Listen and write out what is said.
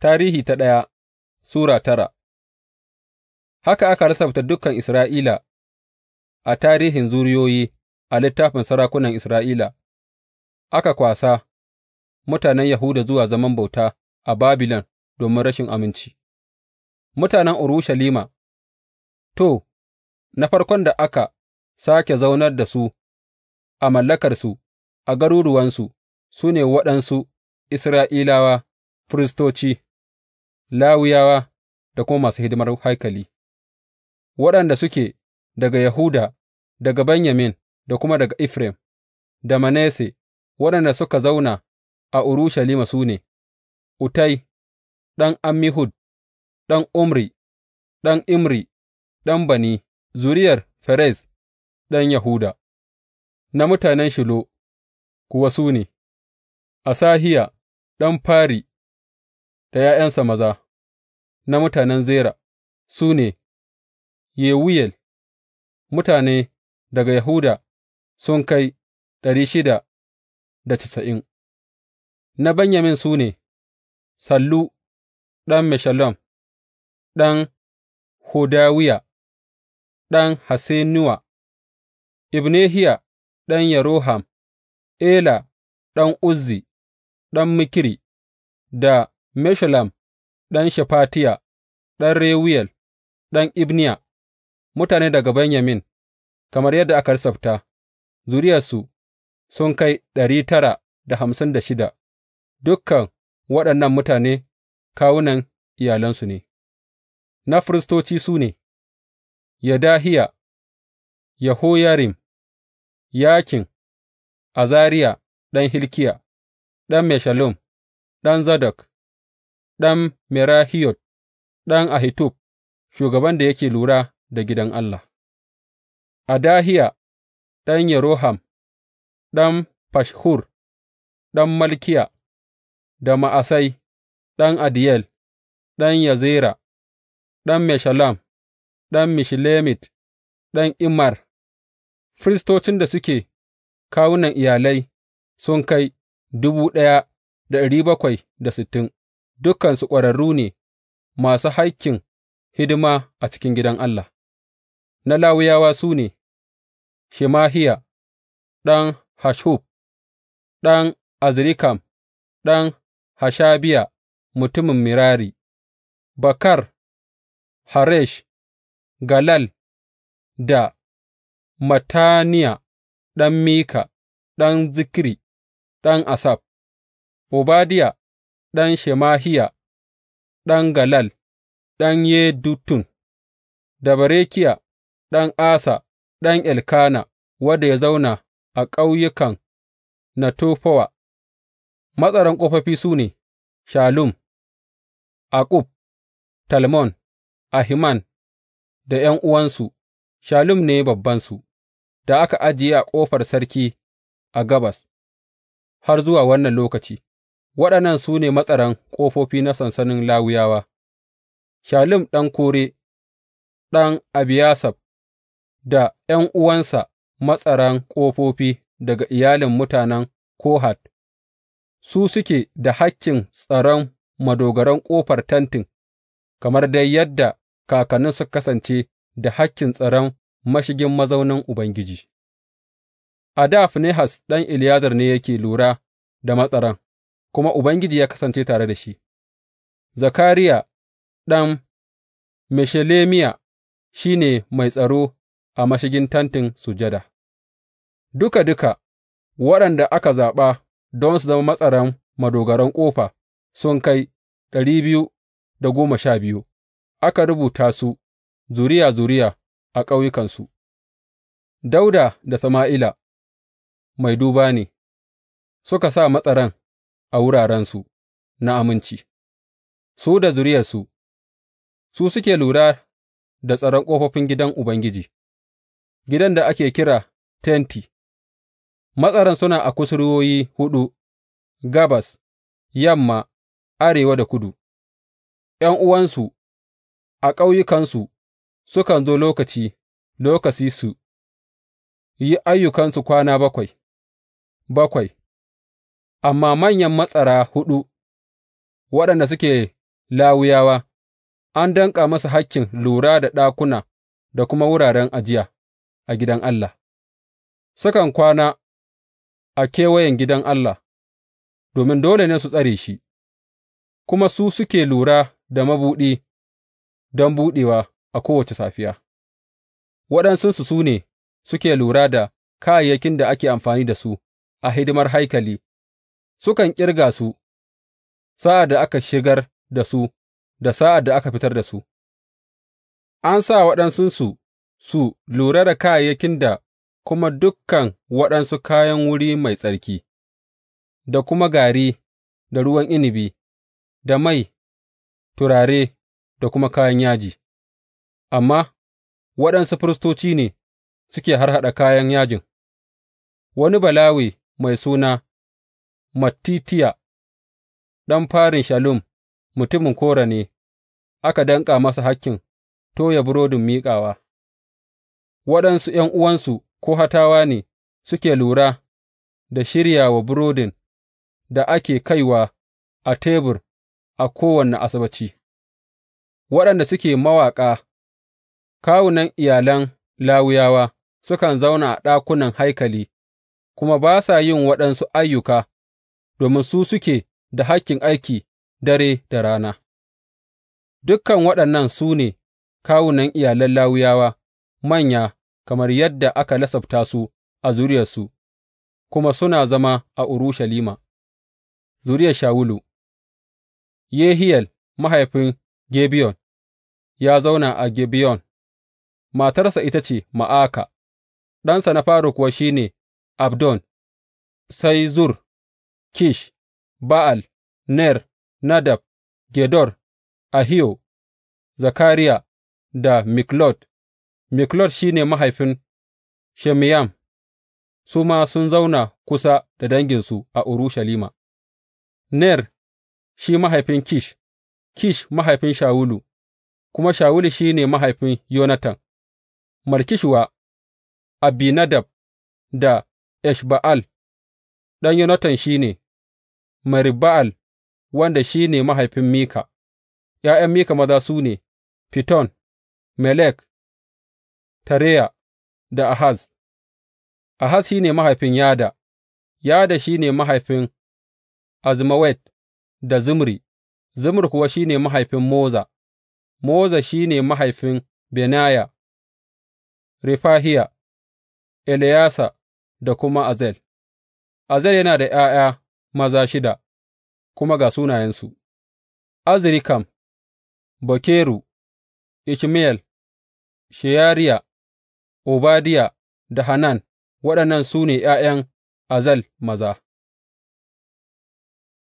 Tarihi ta ɗaya Sura tara Haka aka lissafta dukan Isra'ila a tarihin zuriyoyi a littafin sarakunan Isra'ila, aka kwasa mutanen Yahuda zuwa zaman bauta a Babilon domin rashin aminci, mutanen Urushalima, to, na farkon da aka sake zaunar da su a mallakarsu a garuruwansu su ne waɗansu Isra'ilawa firistoci. Lawiyawa da kuma masu hidimar haikali, waɗanda suke daga Yahuda, daga Benyamin da kuma daga Efraim da Manasse, waɗanda suka zauna a Urushalima su ne, Utai. ɗan Ammihud, ɗan Umri, ɗan Imri, ɗan Bani, zuriyar Ferez ɗan Yahuda, na mutanen Shilo kuwa su ne, Asahiya ɗan fari. da ’ya'yansa maza na mutanen Zera su ne, Yewuyel, mutane daga Yahuda sun kai ɗari shida da casa'in, na Benyamin su ne, Sallu ɗan Meshullam, ɗan Hodawiya, ɗan Hassenuwa, Ibnehiya ɗan Yeroham, Ela ɗan Uzzi, ɗan Mikiri da Meshullam ɗan Shefatiya, ɗan Reyuwel, ɗan Ibniya, mutane daga Benyamin, kamar yadda aka lissafta, zuriyarsu sun kai ɗari tara da hamsin da shida, dukkan waɗannan mutane kawunan iyalansu ne, na firistoci su ne, Yadahiya, Yehoyarim, Yakin, Azariya ɗan Hilkiya, ɗan Meshullam, ɗan Zadok. ɗan Merahiyot, ɗan Ahitub, shugaban da yake lura da gidan Allah; Adahiya ɗan Yeroham, ɗan Fashhur, ɗan Malkiya; da Ma'asai ɗan Adiyel, ɗan Yazera, ɗan Meshullam, ɗan Mishlemit, ɗan Imar. firistocin da suke kawunan iyalai sun kai dubu ɗaya da ɗari bakwai da sittin. dukansu ƙwararru ne masu hakkin hidima a cikin gidan Allah, na Lawiyawa su ne, Shemahiya ɗan Hashub, ɗan Azrikam, ɗan Hashabiya mutumin Mirari, Bakar, Haresh, Galal da Mataniya ɗan Mika, ɗan Zikri, ɗan Asaf, Obadiya ɗan Shemahiya, ɗan Galal, ɗan yedutun da Berekiya ɗan Asa, ɗan Elkana, wanda ya zauna a ƙauyukan Netofawa. Matsaran ƙofofi su ne, Shallum, Akkub, Talmon, Ahiman da uwansu Shalum ne babbansu, da aka ajiye a ƙofar sarki a gabas har zuwa wannan lokaci. Waɗannan su ne matsaran ƙofofi na sansanin Lawiyawa, Shallum ɗan Kore, ɗan Abiyasaf, da ’yan'uwansa matsaran ƙofofi daga iyalin mutanen Kohat, su suke da hakkin tsaron madogaran ƙofar tentin, kamar dai yadda kakannin suka kasance da hakkin tsaron mashigin mazaunin Ubangiji. A dā Finehas ɗan Eleyazar ne yake lura da matsaran. kuma Ubangiji ya kasance tare da shi. Zakariya ɗan Meshelemiya shi ne mai tsaro a mashigin Tentin Sujada. Duka duka waɗanda aka zaɓa don su zama matsaran madogaran ƙofa sun kai ɗari biyu da goma sha biyu, aka rubuta su zuriya zuriya a ƙauyukansu. Dauda da Sama'ila mai duba ne suka sa matsaran a wurarensu na aminci, su da zuriyarsu, su suke lura da tsaron ƙofofin gidan Ubangiji, gidan da ake kira tenti, matsaran suna a kusurwoyi huɗu, gabas, yamma, arewa da kudu, uwansu, a ƙauyukansu sukan zo lokaci, lokaci su yi ayyukansu kwana bakwai, bakwai. amma manyan matsara huɗu waɗanda suke Lawiyawa, an danƙa masa hakkin lura da ɗakuna da kuma wuraren ajiya a gidan Allah, sukan kwana a kewayen gidan Allah, domin dole ne su tsare shi, kuma su suke lura da mabuɗi don buɗewa a kowace safiya, waɗansunsu su ne suke lura da kayayyakin da ake amfani da su a hidimar haikali sukan ƙirga su sa'ad da aka shigar da su da sa'ad da aka fitar da su, an sa waɗansunsu su lura da kayayyakin da kuma dukkan waɗansu kayan wuri mai tsarki, da kuma gari, da ruwan inibi, da mai, turare, da kuma kayan yaji, amma waɗansu firistoci ne suke harhaɗa kayan yajin, wani Balawe mai suna Mattitiya ɗan farin Shallum mutumin Kora ne aka danƙa masa hakkin toya burodin miƙawa, waɗansu ’yan'uwansu hatawa ne suke lura da shirya wa burodin da ake kaiwa a tebur a kowane Asabbaci, waɗanda suke mawaƙa, kawunan iyalan lawuyawa sukan zauna a ɗakunan haikali kuma ba sa yin waɗansu ayyuka. domin su suke da hakkin aiki dare da rana. Dukan waɗannan su ne kawunan iyalan Lawiyawa manya kamar yadda aka lasafta su a zuriyarsu, kuma suna zama a Urushalima, zuriyar Shawulu, Yehiyel mahaifin Gebiyon ya zauna a Gibeyon, matarsa ita ce Ma'aka, ɗansa na Faruk kuwa shi ne Abdon, sai Zur Kish, Ba'al, Ner, Nadab, Gedor, Ahiyo, Zakariya da Miklot, Miklot shi ne mahaifin Shemiyam su ma sun zauna kusa da danginsu a Urushalima, Ner shi mahaifin Kish, Kish mahaifin Shawulu, kuma Shawulu shi ne mahaifin Yonatan, Malkishuwa, Abinadab da Esh Ba'al, ɗan Yonatan shi ne. Merib Ba'al, wanda shi ne mahaifin Mika, ’ya'yan Mika maza su ne, Fiton, Melek, Tareya da Ahaz, Ahaz shi ne mahaifin Yada, Yada shi ne mahaifin Azmawet da Zimri, Zimri kuwa shi ne mahaifin Moza, Moza shi ne mahaifin Benaya, Refahiya, Eleyasa da kuma Azel. Azel yana da ’ya'ya maza shida, kuma ga sunayensu, Azrikam, Bokeru, Ishmayel, Sheyariya, Obadiya da Hanan, waɗannan su ne ’ya'yan Azel maza.